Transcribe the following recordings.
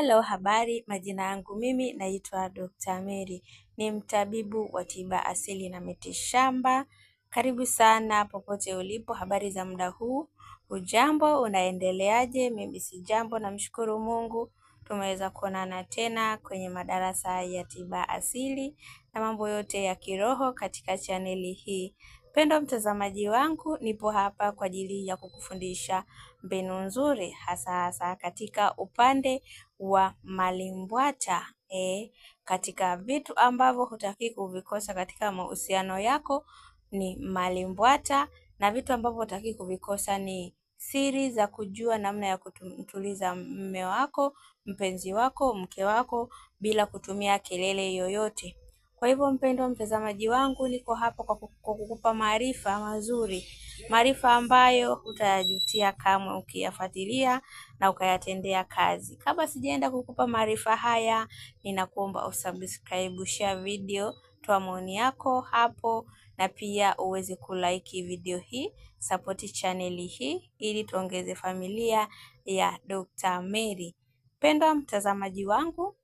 Hello, habari. Majina yangu mimi naitwa Dr. Mary, ni mtabibu wa tiba asili na miti shamba. Karibu sana popote ulipo. Habari za muda huu, ujambo Unaendeleaje? Mimi si jambo, namshukuru Mungu. Tumeweza kuonana tena kwenye madarasa ya tiba asili na mambo yote ya kiroho katika chaneli hii. Pendo mtazamaji wangu, nipo hapa kwa ajili ya kukufundisha mbinu nzuri hasa hasa katika upande wa malimbwata e, katika vitu ambavyo hutaki kuvikosa katika mahusiano yako ni malimbwata, na vitu ambavyo hutaki kuvikosa ni siri za kujua namna ya kumtuliza mme wako, mpenzi wako, mke wako bila kutumia kelele yoyote. Kwa hivyo mpendwa mtazamaji wangu, niko hapa kwa kukupa maarifa mazuri, maarifa ambayo utayajutia kamwe ukiyafuatilia na ukayatendea kazi. Kabla sijaenda kukupa maarifa haya, ninakuomba usubscribe, share video, toa maoni yako hapo, na pia uweze kulike video hii, support chaneli hii ili tuongeze familia ya Dr. Mary. Mpendwa mtazamaji wangu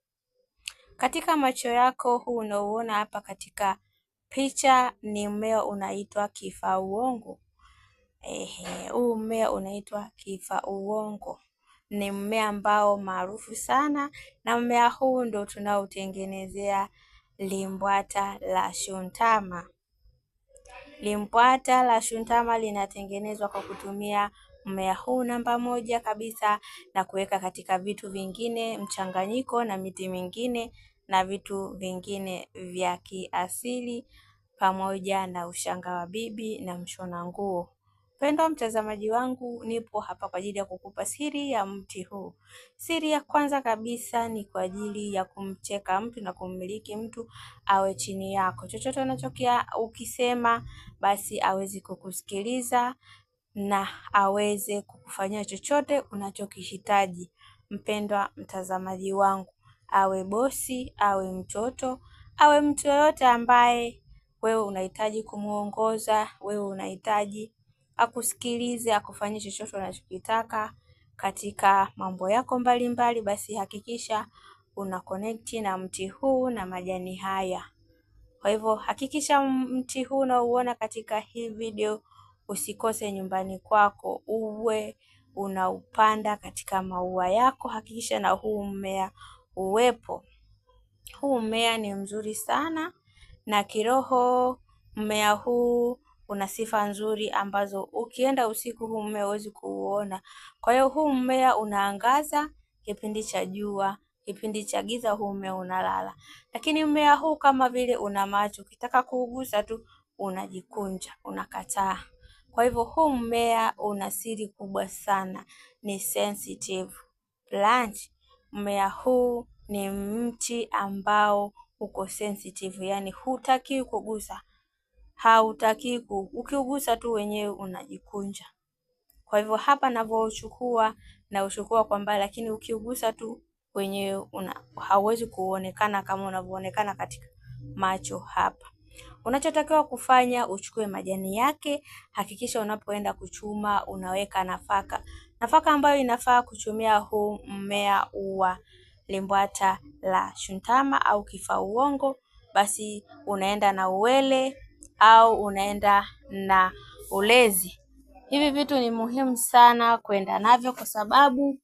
katika macho yako huu unaouona hapa katika picha ni mmea unaitwa kifauongo. Ehe, huu mmea unaitwa kifauongo. Ni mmea ambao maarufu sana na mmea huu ndio tunaotengenezea limbwata la shuntama. Limbwata la shuntama linatengenezwa kwa kutumia mmea huu namba moja kabisa na kuweka katika vitu vingine mchanganyiko na miti mingine na vitu vingine vya kiasili pamoja na ushanga wa bibi na mshona nguo. Pendwa mtazamaji wangu, nipo hapa kwa ajili ya kukupa siri ya mti huu. Siri ya kwanza kabisa ni kwa ajili ya kumcheka mtu na kummiliki mtu awe chini yako. Chochote unachokia ukisema, basi awezi kukusikiliza na aweze kukufanyia chochote unachokihitaji. Mpendwa mtazamaji wangu, awe bosi, awe mtoto, awe mtu yoyote ambaye wewe unahitaji kumwongoza, wewe unahitaji akusikilize, akufanyie chochote unachokitaka katika mambo yako mbalimbali mbali, basi hakikisha una konekti na mti huu na majani haya. Kwa hivyo hakikisha mti huu unaouona katika hii video usikose nyumbani kwako, uwe unaupanda katika maua yako. Hakikisha na huu mmea uwepo. Huu mmea ni mzuri sana, na kiroho mmea huu una sifa nzuri ambazo ukienda usiku huu mmea huwezi kuuona. Kwa hiyo huu mmea unaangaza kipindi cha jua, kipindi cha giza huu mmea unalala. Lakini mmea huu kama vile una macho, ukitaka kuugusa tu unajikunja, unakataa. Kwa hivyo huu mmea una siri kubwa sana, ni sensitive plant. Mmea huu ni mti ambao uko sensitive, yaani hutaki kugusa, hautaki ku, ukiugusa tu wenyewe unajikunja. Kwa hivyo hapa navyochukua na uchukua kwa mbali, lakini ukiugusa tu wenyewe hauwezi kuonekana kama unavyoonekana katika macho hapa. Unachotakiwa kufanya uchukue majani yake, hakikisha unapoenda kuchuma unaweka nafaka. Nafaka ambayo inafaa kuchumia huu mmea wa limbwata la shuntama au kifaa uongo basi unaenda na uwele au unaenda na ulezi. Hivi vitu ni muhimu sana kwenda navyo kwa sababu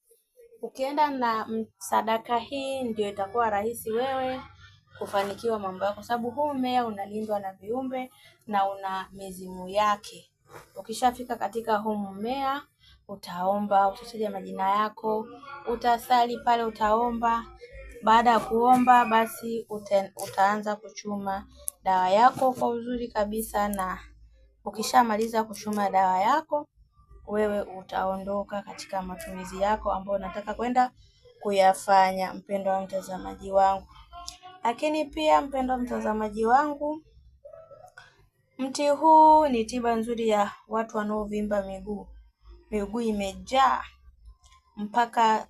ukienda na sadaka hii ndio itakuwa rahisi wewe kufanikiwa mambo yako, sababu huu mmea unalindwa na viumbe na una mizimu yake. Ukishafika katika huu mmea utaomba, utataja majina yako, utasali pale, utaomba. Baada ya kuomba, basi uta, utaanza kuchuma dawa yako kwa uzuri kabisa, na ukishamaliza kuchuma dawa yako wewe utaondoka katika matumizi yako ambayo unataka kwenda kuyafanya. mpendo wa mtazamaji wangu lakini pia mpendwa mm. mtazamaji wangu, mti huu ni tiba nzuri ya watu wanaovimba miguu, miguu imejaa mpaka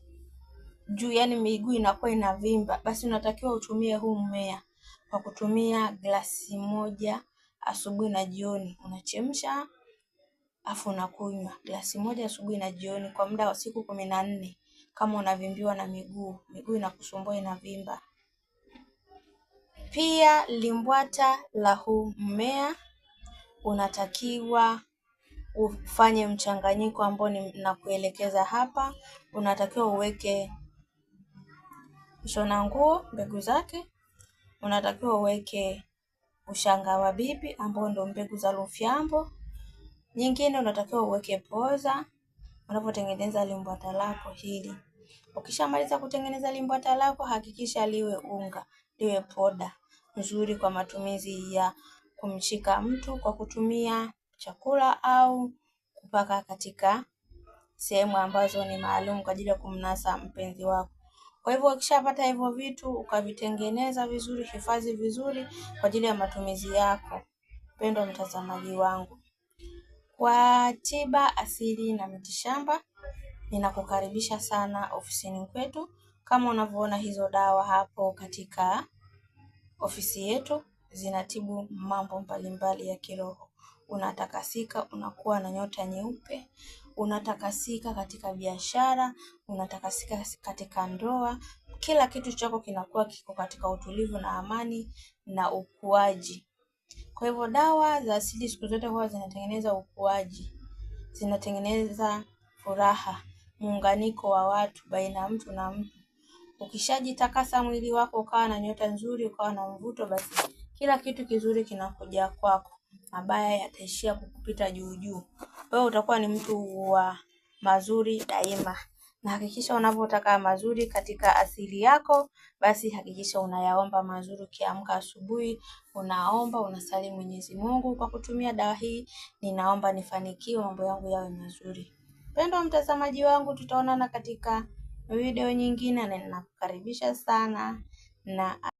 juu, yani miguu inakuwa inavimba, basi unatakiwa utumie huu mmea kwa kutumia glasi moja asubuhi na jioni, unachemsha afu unakunywa glasi moja asubuhi na jioni kwa muda wa siku kumi na nne kama unavimbiwa na miguu, miguu inakusumbua inavimba. Pia limbwata la huu mmea unatakiwa ufanye mchanganyiko ambao nakuelekeza hapa. Unatakiwa uweke shona nguo mbegu zake, unatakiwa uweke ushanga wa bibi ambao ndio mbegu za lufyambo, nyingine unatakiwa uweke poza unapotengeneza limbwata lako hili. Ukishamaliza kutengeneza limbwata lako hakikisha liwe unga liwe poda nzuri kwa matumizi ya kumshika mtu kwa kutumia chakula au kupaka katika sehemu ambazo ni maalum kwa ajili ya kumnasa mpenzi wako. Kwa hivyo ukishapata hivyo vitu ukavitengeneza vizuri, hifadhi vizuri kwa ajili ya matumizi yako, mpendwa mtazamaji wangu. Kwa tiba asili na mitishamba, ninakukaribisha sana ofisini kwetu, kama unavyoona hizo dawa hapo katika Ofisi yetu zinatibu mambo mbalimbali ya kiroho. Unatakasika, unakuwa na nyota nyeupe, unatakasika katika biashara, unatakasika katika ndoa. Kila kitu chako kinakuwa kiko katika utulivu na amani na ukuaji. Kwa hivyo dawa za asili siku zote huwa zinatengeneza ukuaji, zinatengeneza furaha, muunganiko wa watu baina ya mtu na mtu. Ukishajitakasa mwili wako ukawa na nyota nzuri, ukawa na mvuto, basi kila kitu kizuri kinakuja kwako, mabaya yataishia kukupita juu juu. Wewe utakuwa ni mtu wa mazuri daima, na hakikisha unavyotaka mazuri katika asili yako, basi hakikisha unayaomba mazuri. Ukiamka asubuhi, unaomba unasalimu Mwenyezi Mungu, kwa kutumia dawa hii ninaomba nifanikiwe, mambo yangu yawe mazuri. Mpendwa mtazamaji wangu, tutaonana katika video nyingine, na ninakukaribisha sana na